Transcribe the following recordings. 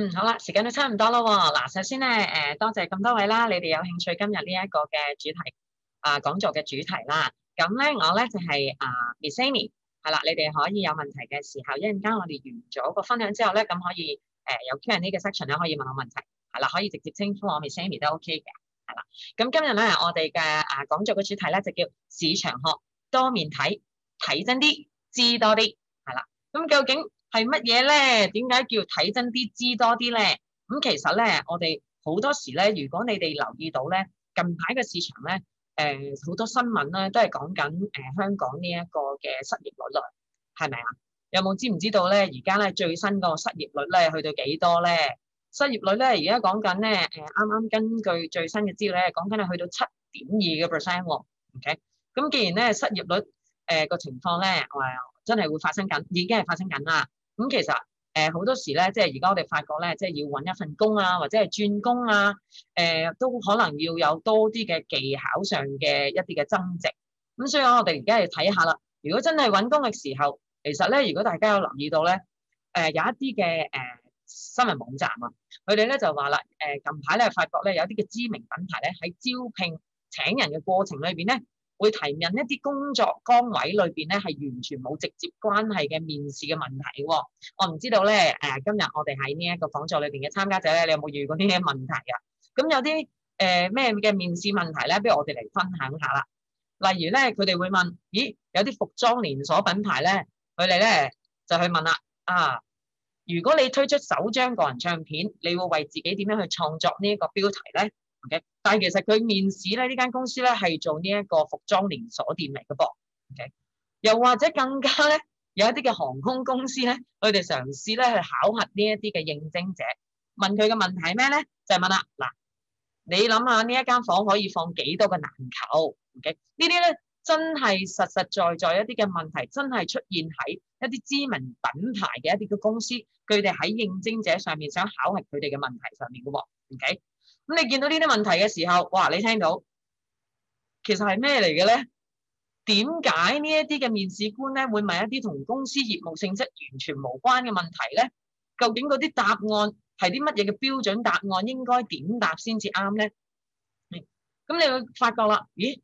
嗯，好啦，時間都差唔多咯。嗱，首先咧，誒、呃，多謝咁多位啦，你哋有興趣今日呢一個嘅主題啊、呃、講座嘅主題啦。咁咧，我咧就係、是、啊、呃、，Miss Amy，係啦，你哋可以有問題嘅時候，一陣間我哋完咗個分享之後咧，咁可以誒、呃、有 Q&A 呢個 section 咧，可以問我問題，係啦，可以直接稱呼我 Miss Amy 都 OK 嘅，係啦。咁今日咧，我哋嘅啊講座嘅主題咧就叫市場學多面睇，睇真啲，知多啲，係啦。咁究竟係乜嘢咧？呢點解叫睇真啲，知多啲咧？咁其實咧，我哋好多時咧，如果你哋留意到咧，近排嘅市場咧，誒、呃、好多新聞咧都係講緊誒香港呢一個嘅失業率，係咪啊？有冇知唔知道咧？而家咧最新個失業率咧去到幾多咧？失業率咧而家講緊咧，誒啱啱根據最新嘅資料咧，講緊係去到七點二嘅 percent 喎。OK，咁既然咧失業率誒個情況咧，我話真係會發生緊，已經係發生緊啦。咁其實誒好、呃、多時咧，即係而家我哋發覺咧，即係要揾一份工啊，或者係轉工啊，誒、呃、都可能要有多啲嘅技巧上嘅一啲嘅增值。咁、嗯、所以我哋而家要睇下啦。如果真係揾工嘅時候，其實咧，如果大家有留意到咧，誒、呃、有一啲嘅誒新聞網站啊，佢哋咧就話啦，誒、呃、近排咧發覺咧有啲嘅知名品牌咧喺招聘請人嘅過程裏邊咧。會提問一啲工作崗位裏邊咧係完全冇直接關係嘅面試嘅問題喎，我唔知道咧誒，今日我哋喺呢一個講座裏邊嘅參加者咧，你有冇遇過啲咩問題啊？咁有啲誒咩嘅面試問題咧，不如我哋嚟分享下啦。例如咧，佢哋會問，咦，有啲服裝連鎖品牌咧，佢哋咧就去問啦啊，如果你推出首張個人唱片，你會為自己點樣去創作呢一個標題咧？Okay? 但係其實佢面試咧，呢間公司咧係做呢一個服裝連鎖店嚟嘅噃。Okay? 又或者更加咧有一啲嘅航空公司咧，佢哋嘗試咧去考核呢一啲嘅應徵者，問佢嘅問題係咩咧？就係、是、問啦、啊，嗱，你諗下呢一間房可以放幾多個籃球？Okay? 呢啲咧真係實實在在，在一啲嘅問題，真係出現喺一啲知名品牌嘅一啲嘅公司，佢哋喺應徵者上面想考核佢哋嘅問題上面嘅喎。Okay? 咁你見到呢啲問題嘅時候，哇！你聽到其實係咩嚟嘅咧？點解呢一啲嘅面試官咧會問一啲同公司業務性質完全無關嘅問題咧？究竟嗰啲答案係啲乜嘢嘅標準答案？應該點答先至啱咧？咁、嗯、你會發覺啦，咦？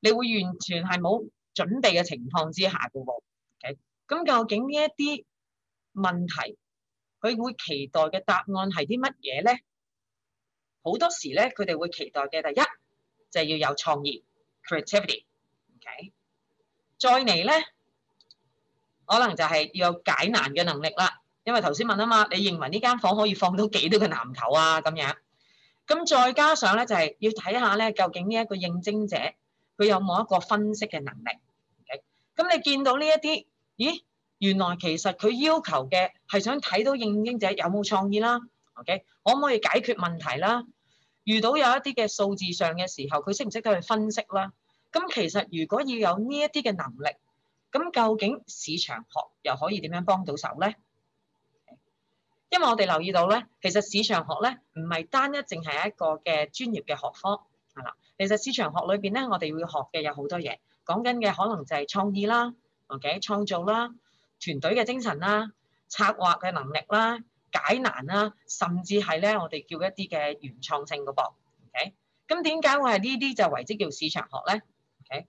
你會完全係冇準備嘅情況之下嘅喎。咁、okay? 究竟呢一啲問題，佢會期待嘅答案係啲乜嘢咧？好多時咧，佢哋會期待嘅第一就係、是、要有創意，creativity，OK。Creativity, okay? 再嚟咧，可能就係要有解難嘅能力啦。因為頭先問啊嘛，你認為呢間房間可以放到幾多個籃球啊？咁樣，咁再加上咧就係、是、要睇下咧究竟呢一個應徵者佢有冇一個分析嘅能力。咁、okay? 你見到呢一啲，咦，原來其實佢要求嘅係想睇到應徵者有冇創意啦。OK。可唔可以解決問題啦？遇到有一啲嘅數字上嘅時候，佢識唔識得去分析啦？咁其實如果要有呢一啲嘅能力，咁究竟市場學又可以點樣幫到手咧？因為我哋留意到咧，其實市場學咧唔係單一淨係一個嘅專業嘅學科係啦。其實市場學裏邊咧，我哋要學嘅有好多嘢，講緊嘅可能就係創意啦、OK 創造啦、團隊嘅精神啦、策劃嘅能力啦。解難啦、啊，甚至係咧，我哋叫一啲嘅原創性嘅噃。OK，咁點解會係呢啲就為之叫市場學咧？OK，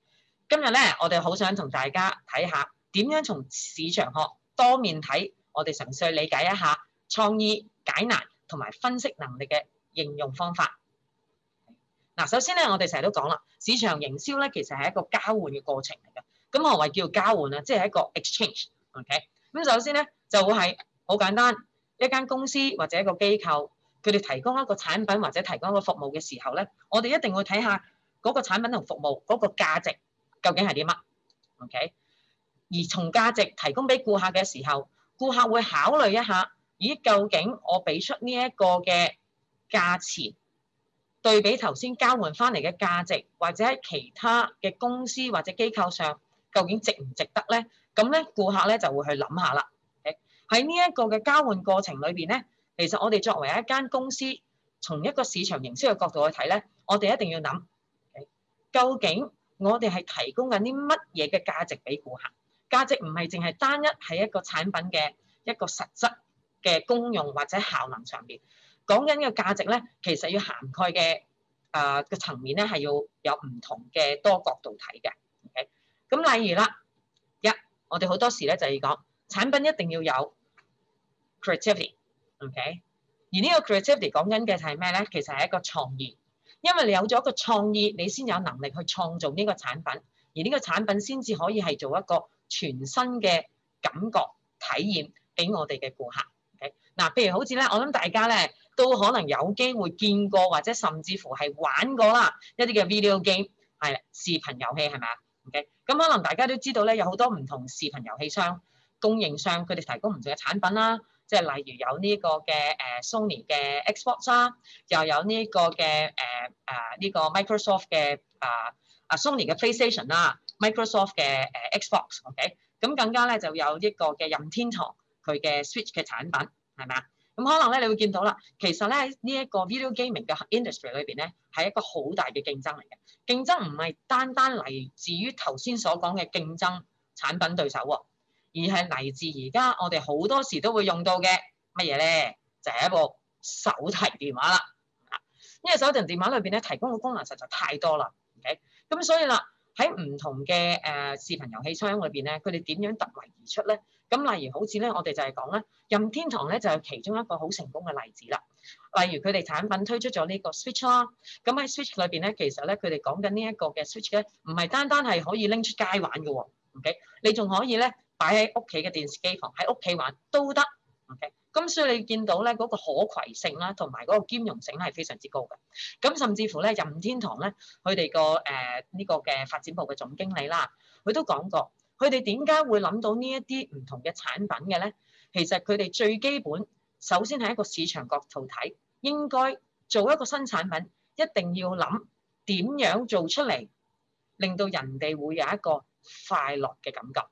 今日咧，我哋好想同大家睇下點樣從市場學多面睇，我哋純粹理解一下創意解難同埋分析能力嘅應用方法。嗱，首先咧，我哋成日都講啦，市場營銷咧其實係一個交換嘅過程嚟嘅。咁何謂叫交換啊？即係一個 exchange。OK，咁首先咧就會係好簡單。一間公司或者一個機構，佢哋提供一個產品或者提供一個服務嘅時候咧，我哋一定會睇下嗰個產品同服務嗰個價值究竟係啲乜。OK，而從價值提供俾顧客嘅時候，顧客會考慮一下，咦，究竟我俾出呢一個嘅價錢，對比頭先交換翻嚟嘅價值，或者喺其他嘅公司或者機構上，究竟值唔值得咧？咁咧，顧客咧就會去諗下啦。喺呢一個嘅交換過程裏邊咧，其實我哋作為一間公司，從一個市場營銷嘅角度去睇咧，我哋一定要諗，究竟我哋係提供緊啲乜嘢嘅價值俾顧客？價值唔係淨係單一係一個產品嘅一個實質嘅功用或者效能上邊講緊嘅價值咧，其實要涵蓋嘅啊嘅層面咧係要有唔同嘅多角度睇嘅。咁例如啦，一我哋好多時咧就要講產品一定要有 creativity，OK？Okay？而呢個 creativity 講緊嘅就係咩咧？其實係一個創意，因為你有咗一個創意，你先有能力去創造呢個產品，而呢個產品先至可以係做一個全新嘅感覺體驗俾我哋嘅顧客。OK？嗱，譬如好似咧，我諗大家咧都可能有機會見過或者甚至乎係玩過啦一啲嘅 video game，係視頻遊戲係咪啊？OK？咁可能大家都知道咧，有好多唔同視頻遊戲商供應商佢哋提供唔同嘅產品啦。即係例如有呢個嘅誒 Sony 嘅 Xbox 啦，又有呢個嘅誒啊呢個 Microsoft 嘅啊啊 Sony 嘅 PlayStation 啦，Microsoft 嘅誒 Xbox，OK，咁更加咧就有呢個嘅任天堂佢嘅 Switch 嘅產品，係咪啊？咁可能咧你會見到啦，其實咧呢一個 video gaming 嘅 industry 裏邊咧係一個好大嘅競爭嚟嘅，競爭唔係單單嚟自於頭先所講嘅競爭產品對手喎。而係嚟自而家，我哋好多時都會用到嘅乜嘢咧？就係、是、一部手提電話啦。呢個手提電話裏邊咧，提供嘅功能實在太多啦。咁、okay? 所以啦，喺唔同嘅誒、呃、視頻遊戲箱裏邊咧，佢哋點樣突圍而出咧？咁例如好似咧，我哋就係講咧任天堂咧，就係、是、其中一個好成功嘅例子啦。例如佢哋產品推出咗呢個 Switch 啦，咁喺 Switch 裏邊咧，其實咧佢哋講緊呢一個嘅 Switch 咧，唔係單單係可以拎出街玩嘅喎。Okay? 你仲可以咧？擺喺屋企嘅電視機房，喺屋企玩都得。OK，咁所以你見到咧，嗰個可攜性啦，同埋嗰個兼容性係非常之高嘅。咁甚至乎咧，任天堂咧，佢哋個誒呢個嘅發展部嘅總經理啦，佢都講過，佢哋點解會諗到呢一啲唔同嘅產品嘅咧？其實佢哋最基本首先係一個市場角度睇，應該做一個新產品，一定要諗點樣做出嚟，令到人哋會有一個快樂嘅感覺。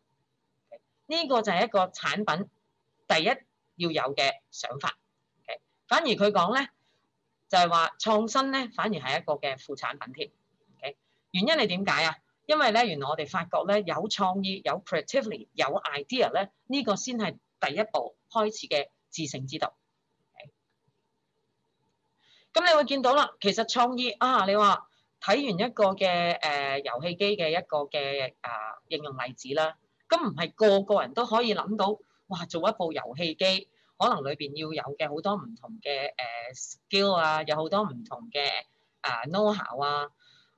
呢個就係一個產品第一要有嘅想法。Okay? 反而佢講咧，就係話創新咧，反而係一個嘅副產品添。Okay? 原因係點解啊？因為咧，原來我哋發覺咧，有創意、有 creativity、有 idea 咧，呢、這個先係第一步開始嘅自成之道。咁、okay? 你會見到啦，其實創意啊，你話睇完一個嘅誒遊戲機嘅一個嘅啊、呃、應用例子啦。咁唔係個個人都可以諗到，哇！做一部遊戲機，可能裏邊要有嘅好多唔同嘅誒、uh, skill 啊，有好多唔同嘅啊 know-how 啊，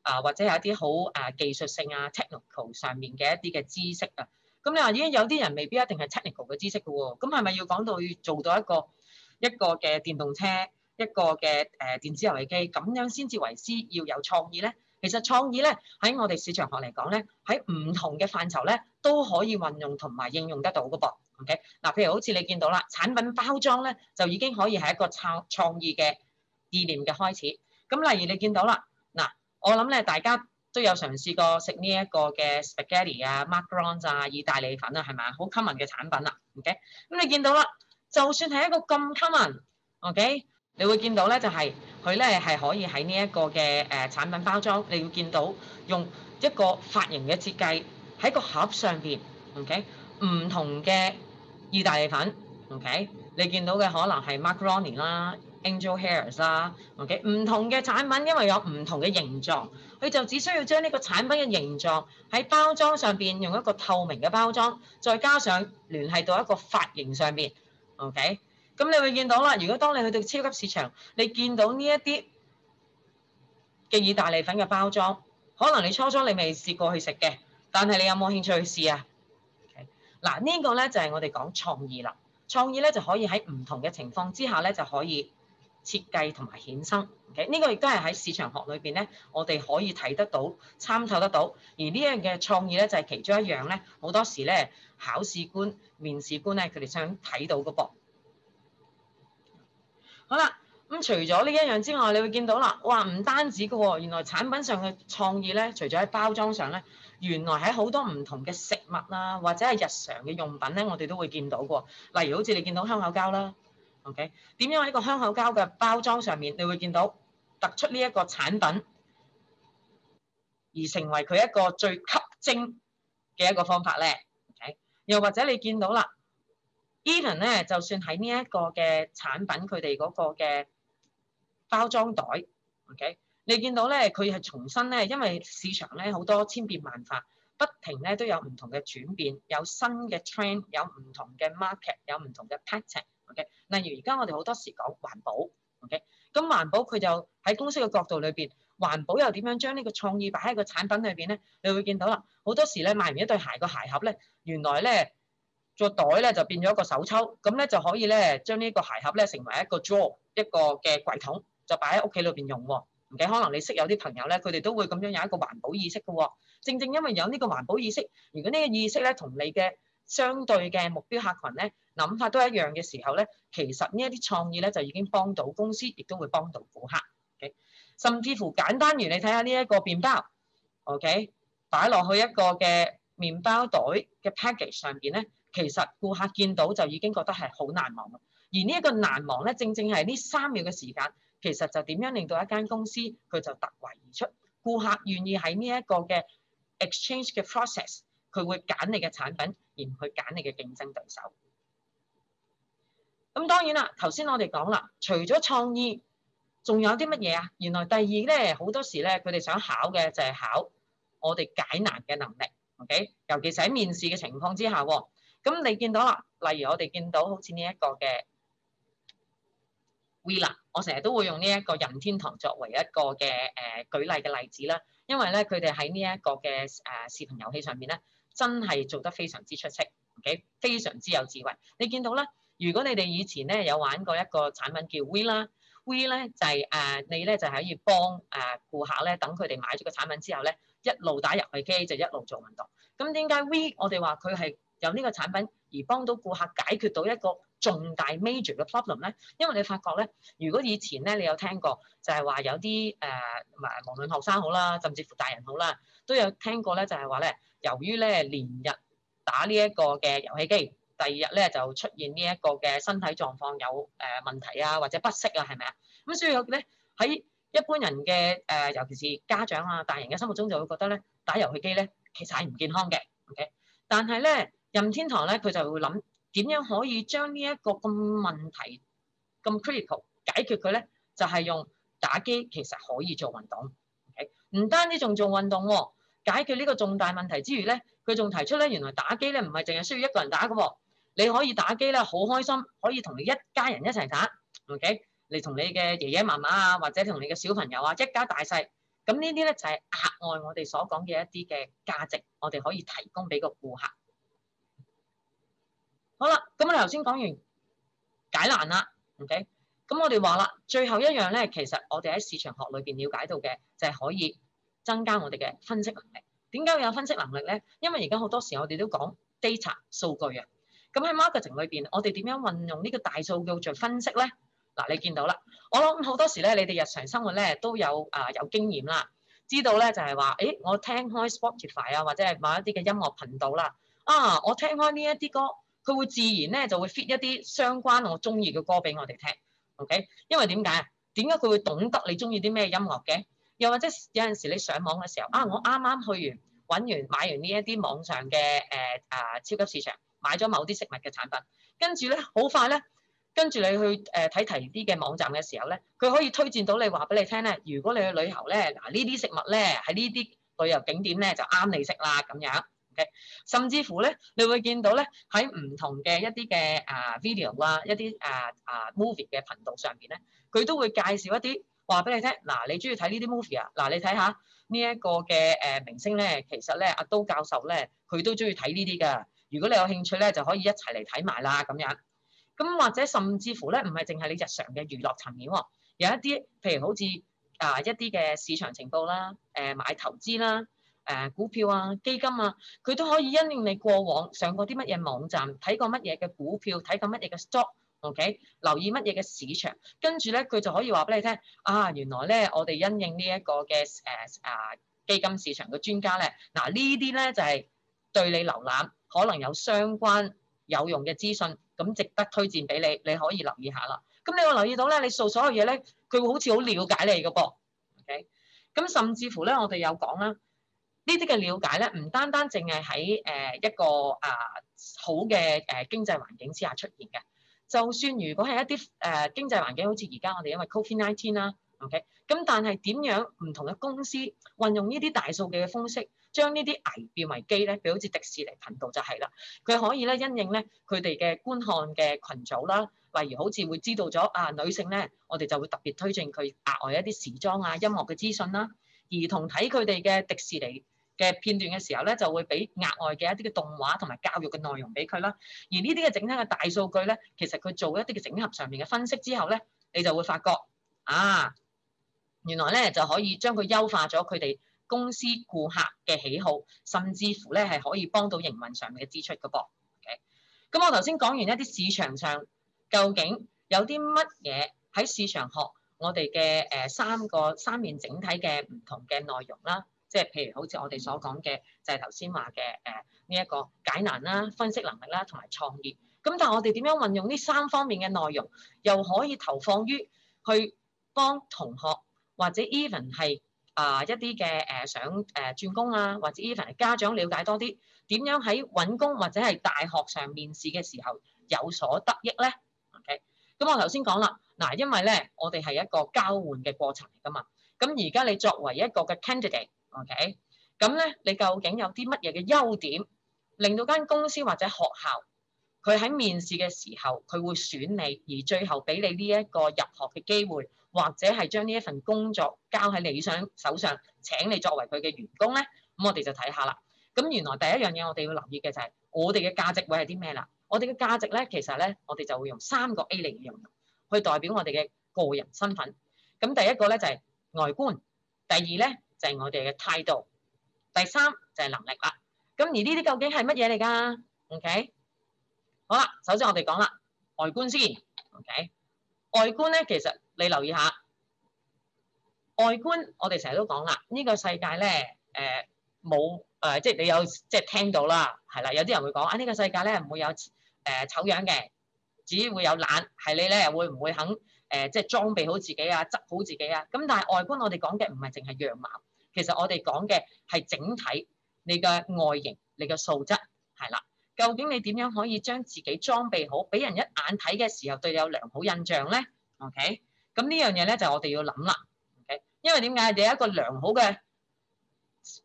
啊或者有一啲好誒技術性啊 technical 上面嘅一啲嘅知識啊。咁你話已經有啲人未必一定係 technical 嘅知識嘅喎、啊，咁係咪要講到要做到一個一個嘅電動車，一個嘅誒電子遊戲機咁樣先至為之要有創意咧？其實創意咧，喺我哋市場學嚟講咧，喺唔同嘅範疇咧都可以運用同埋應用得到嘅噃。OK，嗱譬如好似你見到啦，產品包裝咧就已經可以係一個創創意嘅意念嘅開始。咁例如你見到啦，嗱我諗咧大家都有嘗試過食呢一個嘅 spaghetti 啊、macarons 啊、意大利粉啊，係咪好 common 嘅產品啦，啊。OK，咁你見到啦，就算係一個咁 common，OK，okay? 你會見到咧就係、是。佢咧係可以喺呢一個嘅誒產品包裝，你要見到用一個髮型嘅設計喺個盒上邊，OK，唔同嘅意大利粉，OK，你見到嘅可能係 Macaroni 啦，Angel hairs 啦，OK，唔同嘅產品因為有唔同嘅形狀，佢就只需要將呢個產品嘅形狀喺包裝上邊用一個透明嘅包裝，再加上聯繫到一個髮型上邊，OK。咁你會見到啦。如果當你去到超級市場，你見到呢一啲嘅意大利粉嘅包裝，可能你初初你未試過去食嘅，但係你有冇興趣去試啊？嗱，okay? 呢個咧就係我哋講創意啦。創意咧就可以喺唔同嘅情況之下咧就可以設計同埋衍生。okay? 呢個亦都係喺市場學裏邊咧，我哋可以睇得到、參透得到。而呢樣嘅創意咧就係其中一樣咧，好多時咧考試官、面試官咧佢哋想睇到嗰個。好啦，咁除咗呢一樣之外，你會見到啦，哇，唔單止嘅喎，原來產品上嘅創意咧，除咗喺包裝上咧，原來喺好多唔同嘅食物啦，或者係日常嘅用品咧，我哋都會見到嘅喎。例如好似你見到香口膠啦，OK，點樣喺個香口膠嘅包裝上面，你會見到突出呢一個產品，而成為佢一個最吸睛嘅一個方法咧。OK，又或者你見到啦。Even 咧，就算喺呢一個嘅產品，佢哋嗰個嘅包裝袋，OK，你見到咧，佢係重新咧，因為市場咧，好多千變萬化，不停咧都有唔同嘅轉變，有新嘅 trend，有唔同嘅 market，有唔同嘅 pattern，OK。例如而家我哋好多時講環保，OK。咁環保佢就喺公司嘅角度裏邊，環保又點樣將呢個創意擺喺個產品裏邊咧？你會見到啦，好多時咧，賣完一對鞋個鞋盒咧，原來咧。做袋咧就變咗一個手抽，咁咧就可以咧將呢個鞋盒咧成為一個 drawer 一個嘅櫃桶，就擺喺屋企裏邊用喎、哦。唔計可能你識有啲朋友咧，佢哋都會咁樣有一個環保意識嘅喎、哦。正正因為有呢個環保意識，如果呢個意識咧同你嘅相對嘅目標客群咧諗法都一樣嘅時候咧，其實呢一啲創意咧就已經幫到公司，亦都會幫到顧客。Okay? 甚至乎簡單如，你、okay? 睇下呢一個麵包，OK，擺落去一個嘅麵包袋嘅 package 上邊咧。其實顧客見到就已經覺得係好難忘啦。而呢一個難忘咧，正正係呢三秒嘅時間，其實就點樣令到一間公司佢就突圍而出。顧客願意喺呢一個嘅 exchange 嘅 process，佢會揀你嘅產品而唔去揀你嘅競爭對手。咁當然啦，頭先我哋講啦，除咗創意，仲有啲乜嘢啊？原來第二咧，好多時咧，佢哋想考嘅就係考我哋解難嘅能力。OK，尤其是喺面試嘅情況之下喎。咁你見到啦，例如我哋見到好似呢一個嘅 We 啦，我成日都會用呢一個任天堂作為一個嘅誒、呃、舉例嘅例子啦。因為咧，佢哋喺呢一個嘅誒、呃、視頻遊戲上面咧，真係做得非常之出色 o 非常之有智慧。你見到咧，如果你哋以前咧有玩過一個產品叫 We 啦，We 咧就係、是、誒、呃、你咧就可以幫誒、呃、顧客咧等佢哋買咗個產品之後咧，一路打入去機就一路做運動。咁點解 We 我哋話佢係？由呢個產品而幫到顧客解決到一個重大 major 嘅 problem 咧，因為你發覺咧，如果以前咧你有聽過就有，就係話有啲誒，唔係無論學生好啦，甚至乎大人好啦，都有聽過咧，就係話咧，由於咧連日打呢一個嘅遊戲機，第二日咧就出現呢一個嘅身體狀況有誒問題啊，或者不適啊，係咪啊？咁所以咧喺一般人嘅誒、呃，尤其是家長啊、大人嘅心目中就會覺得咧，打遊戲機咧其實係唔健康嘅。OK，但係咧。任天堂咧，佢就會諗點樣可以將呢一個咁問題咁 critical 解決佢咧，就係、是、用打機其實可以做運動。唔、okay? 單止仲做運動、哦，解決呢個重大問題之餘咧，佢仲提出咧原來打機咧唔係淨係需要一個人打㗎、哦，你可以打機咧好開心，可以同你一家人一齊打。OK，你同你嘅爺爺媽媽啊，或者同你嘅小朋友啊，一家大細咁呢啲咧就係、是、額外我哋所講嘅一啲嘅價值，我哋可以提供俾個顧客。頭先講完解難啦，OK，咁我哋話啦，最後一樣咧，其實我哋喺市場學裏邊了解到嘅就係可以增加我哋嘅分析能力。點解會有分析能力咧？因為而家好多時我哋都講 data 數據啊。咁喺 marketing 裏邊，我哋點樣運用呢個大數據做分析咧？嗱，你見到啦，我諗好多時咧，你哋日常生活咧都有啊、呃、有經驗啦，知道咧就係話，誒，我聽開 Spotify 啊，或者係某一啲嘅音樂頻道啦、啊，啊，我聽開呢一啲歌。佢會自然咧就會 fit 一啲相關我中意嘅歌俾我哋聽，OK？因為點解啊？點解佢會懂得你中意啲咩音樂嘅？又或者有陣時你上網嘅時候，啊，我啱啱去完搵完買完呢一啲網上嘅誒啊超級市場買咗某啲食物嘅產品，跟住咧好快咧，跟住你去誒睇睇呢啲嘅網站嘅時候咧，佢可以推薦到你話俾你聽咧，如果你去旅遊咧，嗱，呢啲食物咧喺呢啲旅遊景點咧就啱你食啦咁樣。Okay. 甚至乎咧，你會見到咧喺唔同嘅一啲嘅啊 video 啦，一啲啊啊 movie 嘅頻道上邊咧，佢都會介紹一啲話俾你聽。嗱，你中意睇呢啲 movie 啊？嗱，你睇下呢一個嘅誒明星咧，其實咧阿都教授咧，佢都中意睇呢啲㗎。如果你有興趣咧，就可以一齊嚟睇埋啦咁樣。咁或者甚至乎咧，唔係淨係你日常嘅娛樂層面喎、哦，有一啲譬如好似啊、uh，一啲嘅市場情報啦，誒買投資啦。誒、啊、股票啊，基金啊，佢都可以因應你過往上過啲乜嘢網站睇過乜嘢嘅股票睇過乜嘢嘅 stock，ok、okay? 留意乜嘢嘅市場，跟住咧佢就可以話俾你聽啊。原來咧我哋因應呢一個嘅誒誒基金市場嘅專家咧，嗱、啊、呢啲咧就係、是、對你瀏覽可能有相關有用嘅資訊，咁值得推薦俾你，你可以留意下啦。咁你會留意到咧，你做所有嘢咧，佢會好似好了解你嘅噃，ok 咁甚至乎咧我哋有講啦。呢啲嘅了解咧，唔單單淨係喺誒一個啊、呃、好嘅誒經濟環境之下出現嘅，就算如果係一啲誒、呃、經濟環境，好似而家我哋因為 Covid nineteen 啦，OK，咁但係點樣唔同嘅公司運用呢啲大數據嘅方式，將呢啲危變為機咧？比如好似迪士尼頻道就係啦，佢可以咧因應咧佢哋嘅觀看嘅群組啦，例如好似會知道咗啊、呃、女性咧，我哋就會特別推薦佢額外一啲時裝啊、音樂嘅資訊啦，兒童睇佢哋嘅迪士尼。嘅片段嘅時候咧，就會俾額外嘅一啲嘅動畫同埋教育嘅內容俾佢啦。而呢啲嘅整體嘅大數據咧，其實佢做一啲嘅整合上面嘅分析之後咧，你就會發覺啊，原來咧就可以將佢優化咗佢哋公司顧客嘅喜好，甚至乎咧係可以幫到營運上面嘅支出㗎噃。咁、okay? 我頭先講完一啲市場上究竟有啲乜嘢喺市場學我哋嘅誒三個三面整體嘅唔同嘅內容啦。即係譬如好似我哋所講嘅，就係頭先話嘅誒呢一個解難啦、分析能力啦，同埋創意。咁但係我哋點樣運用呢三方面嘅內容，又可以投放於去幫同學或者 even 係啊一啲嘅誒想誒轉工啊，或者 even 係家長了解多啲點樣喺揾工或者係大學上面試嘅時候有所得益咧？OK，咁我頭先講啦，嗱，因為咧我哋係一個交換嘅過程嚟㗎嘛。咁而家你作為一個嘅 candidate。O.K. 咁咧，你究竟有啲乜嘢嘅優點，令到間公司或者學校佢喺面試嘅時候佢會選你，而最後俾你呢一個入學嘅機會，或者係將呢一份工作交喺你想手上請你作為佢嘅員工咧？咁我哋就睇下啦。咁原來第一樣嘢我哋要留意嘅就係、是、我哋嘅價值會係啲咩啦？我哋嘅價值咧，其實咧我哋就會用三個 A 嚟形容，去代表我哋嘅個人身份。咁第一個咧就係、是、外觀，第二咧，就係我哋嘅態度，第三就係能力啦。咁而呢啲究竟係乜嘢嚟㗎？OK，好啦，首先我哋講啦，外觀先。OK，外觀咧，其實你留意下外觀，我哋成日都講啦，呢個世界咧，誒冇誒，即係你有即係聽到啦，係啦，有啲人會講啊，呢個世界咧唔會有誒醜樣嘅，只會有懶，係你咧會唔會肯誒即係裝備好自己啊，執好自己啊。咁但係外觀我哋講嘅唔係淨係樣貌。其實我哋講嘅係整體你嘅外形、你嘅素質，係啦。究竟你點樣可以將自己裝備好，俾人一眼睇嘅時候對你有良好印象咧？OK，咁呢樣嘢咧就我哋要諗啦。OK，因為點解你有一個良好嘅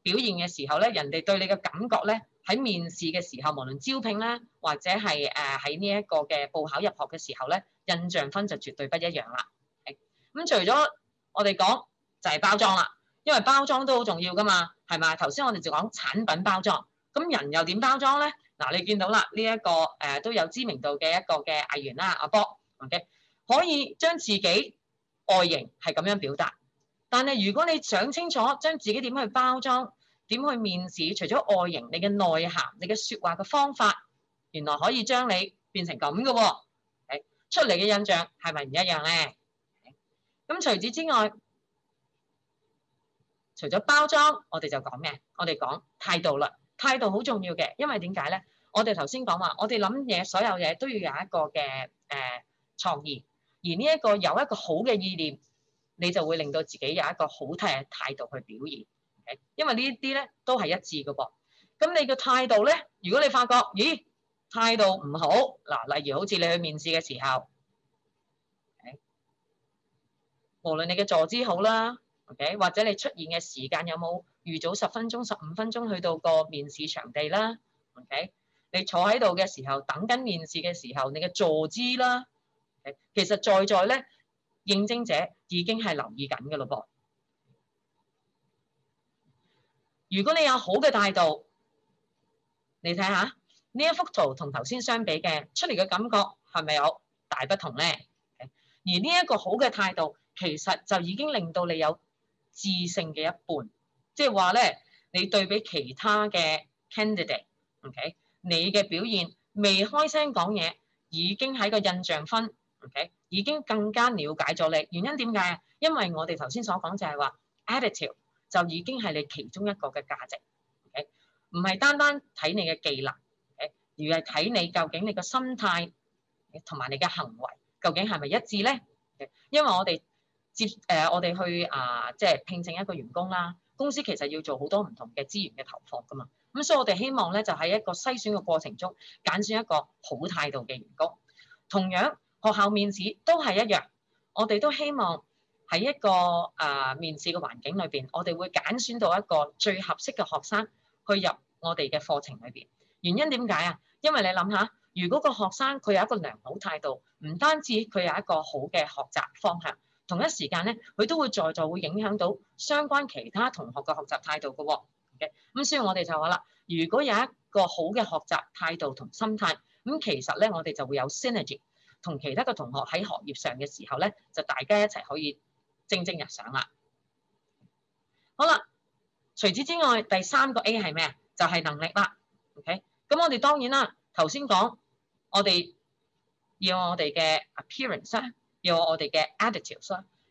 表現嘅時候咧，人哋對你嘅感覺咧，喺面試嘅時候，無論招聘啦，或者係誒喺呢一個嘅報考入學嘅時候咧，印象分就絕對不一樣啦。OK，咁除咗我哋講，就係，係，包裝啦。因為包裝都好重要㗎嘛，係咪？頭先我哋就講產品包裝，咁人又點包裝咧？嗱，你見到啦，呢一個誒都有知名度嘅一個嘅藝員啦，阿波，OK，可以將自己外形係咁樣表達。但係如果你想清楚，將自己點去包裝，點去面試，除咗外形，你嘅內涵，你嘅説話嘅方法，原來可以將你變成咁嘅喎，okay? 出嚟嘅印象係咪唔一樣咧？咁、okay? 除此之外。除咗包裝，我哋就講咩？我哋講態度啦。態度好重要嘅，因為點解咧？我哋頭先講話，我哋諗嘢，所有嘢都要有一個嘅誒、呃、創意。而呢一個有一個好嘅意念，你就會令到自己有一個好嘅態度去表現。Okay? 因為呢啲咧都係一致㗎噃。咁你嘅態度咧，如果你發覺，咦，態度唔好嗱，例如好似你去面試嘅時候，okay? 無論你嘅坐姿好啦。O.K.，或者你出現嘅時間有冇預早十分鐘、十五分鐘去到個面試場地啦？O.K.，你坐喺度嘅時候，等緊面試嘅時候，你嘅坐姿啦，其實在在咧應徵者已經係留意緊嘅嘞噃。如果你有好嘅態度，你睇下呢一幅圖同頭先相比嘅出嚟嘅感覺係咪有大不同咧？而呢一個好嘅態度，其實就已經令到你有。智性嘅一半，即係話咧，你對比其他嘅 candidate，OK，OK，你嘅表現未開聲講嘢，已經喺個印象分，OK，已經更加了解咗你。原因點解啊？因為我哋頭先所講就係話，attitude 就已經係你其中一個嘅價值，OK，唔係單單睇你嘅技能，OK，而係睇你究竟你個心態同埋你嘅行為究竟係咪一致咧？Okay? 因為我哋。接誒、呃，我哋去啊、呃，即係聘請一個員工啦。公司其實要做好多唔同嘅資源嘅投放㗎嘛。咁所以，我哋希望咧就喺一個篩選嘅過程中揀選一個好態度嘅員工。同樣學校面試都係一樣，我哋都希望喺一個啊、呃、面試嘅環境裏邊，我哋會揀選到一個最合適嘅學生去入我哋嘅課程裏邊。原因點解啊？因為你諗下，如果個學生佢有一個良好態度，唔單止佢有一個好嘅學習方向。同一時間咧，佢都會在座會影響到相關其他同學嘅學習態度嘅喎，哦。OK，咁所以我哋就話啦，如果有一個好嘅學習態度同心態，咁其實咧我哋就會有 synergy 同其他嘅同學喺學業上嘅時候咧，就大家一齊可以蒸蒸日上啦。好啦，除此之外，第三個 A 係咩、就係 okay? 啊？就係能力啦。OK，咁我哋當然啦，頭先講我哋要我哋嘅 appearance 有我哋嘅 additives，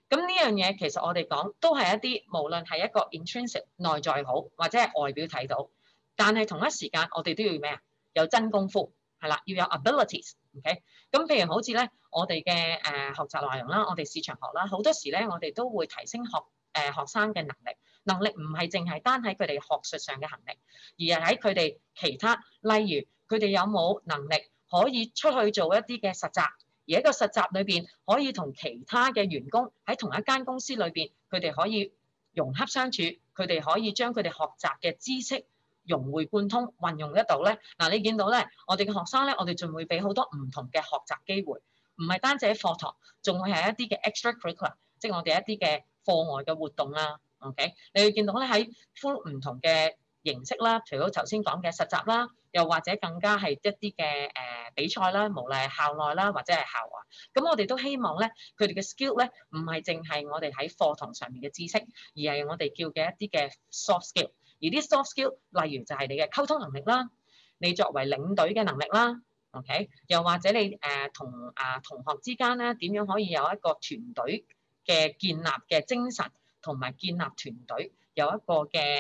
咁呢樣嘢其實我哋講都係一啲，無論係一個 intrinsic 內在好，或者係外表睇到，但係同一時間我哋都要咩啊？有真功夫係啦，要有 abilities。OK，咁譬如好似咧，我哋嘅誒學習內容啦，我哋市場學啦，好多時咧，我哋都會提升學誒學生嘅能力。能力唔係淨係單喺佢哋學術上嘅能力，而係喺佢哋其他，例如佢哋有冇能力可以出去做一啲嘅實習。而一個實習裏邊，可以同其他嘅員工喺同一間公司裏邊，佢哋可以融洽相處，佢哋可以將佢哋學習嘅知識融會貫通，運用得到咧。嗱、嗯，你見到咧，我哋嘅學生咧，我哋仲會俾好多唔同嘅學習機會，唔係單止喺課堂，仲會係一啲嘅 extra curricular，即係我哋一啲嘅課外嘅活動啦、啊。OK，你會見到咧喺 full 唔同嘅。形式啦，除咗頭先講嘅實習啦，又或者更加係一啲嘅誒比賽啦，無論係校內啦或者係校外。咁我哋都希望咧，佢哋嘅 skill 咧唔係淨係我哋喺課堂上面嘅知識，而係我哋叫嘅一啲嘅 soft skill。而啲 soft skill 例如就係你嘅溝通能力啦，你作為領隊嘅能力啦，OK，又或者你誒、呃、同啊、呃、同學之間咧點樣可以有一個團隊嘅建立嘅精神同埋建立團隊。有一個嘅誒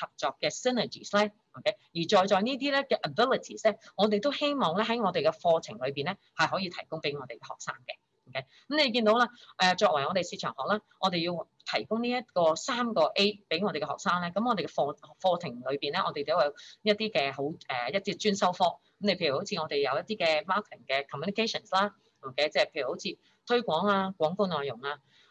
合作嘅 synergies 咧，OK，而再在呢啲咧嘅 abilities 咧，我哋都希望咧喺我哋嘅課程裏邊咧係可以提供俾我哋嘅學生嘅，OK。咁你見到啦，誒作為我哋市場學啦，我哋要提供呢一個三個 A 俾我哋嘅學生咧，咁我哋嘅課課程裏邊咧，我哋都有一啲嘅好誒一啲專修科。咁你譬如好似我哋有一啲嘅 marketing 嘅 communications 啦，OK，即係譬如好似推廣啊、廣告內容啊。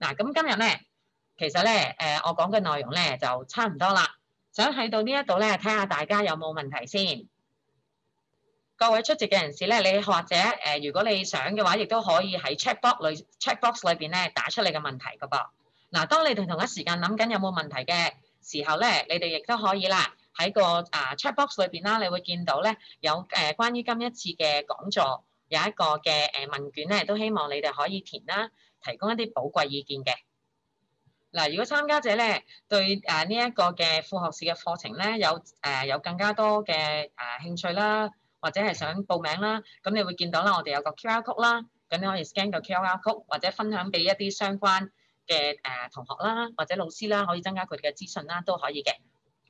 嗱，咁今日咧，其實咧，誒，我講嘅內容咧就差唔多啦。想喺到呢一度咧，睇下大家有冇問題先。各位出席嘅人士咧，你或者誒、呃，如果你想嘅話，亦都可以喺 chat box 裏 chat box 裏邊咧打出你嘅問題噶噃。嗱，當你哋同一時間諗緊有冇問題嘅時候咧，你哋亦都可以啦，喺個啊 chat box 裏邊啦，你會見到咧有誒關於今一次嘅講座有一個嘅誒問卷咧，都希望你哋可以填啦。提供一啲寶貴意見嘅嗱，如果參加者咧對誒呢一個嘅副學士嘅課程咧有誒、呃、有更加多嘅誒、呃、興趣啦，或者係想報名啦，咁你會見到啦，我哋有個 QR code 啦，咁你可以 scan 個 QR code 或者分享俾一啲相關嘅誒、呃、同學啦，或者老師啦，可以增加佢哋嘅資訊啦，都可以嘅。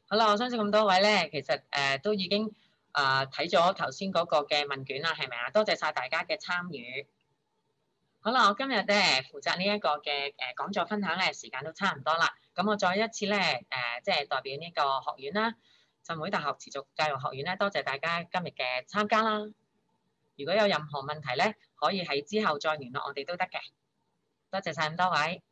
好啦，我相信咁多位咧，其實誒、呃、都已經誒睇咗頭先嗰個嘅問卷啦，係咪啊？多謝晒大家嘅參與。好啦，我今日咧負責呢一個嘅誒、呃、講座分享咧，時間都差唔多啦。咁我再一次咧誒、呃，即係代表呢個學院啦，浸會大學持續教育學院咧，多謝大家今日嘅參加啦。如果有任何問題咧，可以喺之後再聯絡我哋都得嘅。多謝晒咁多位。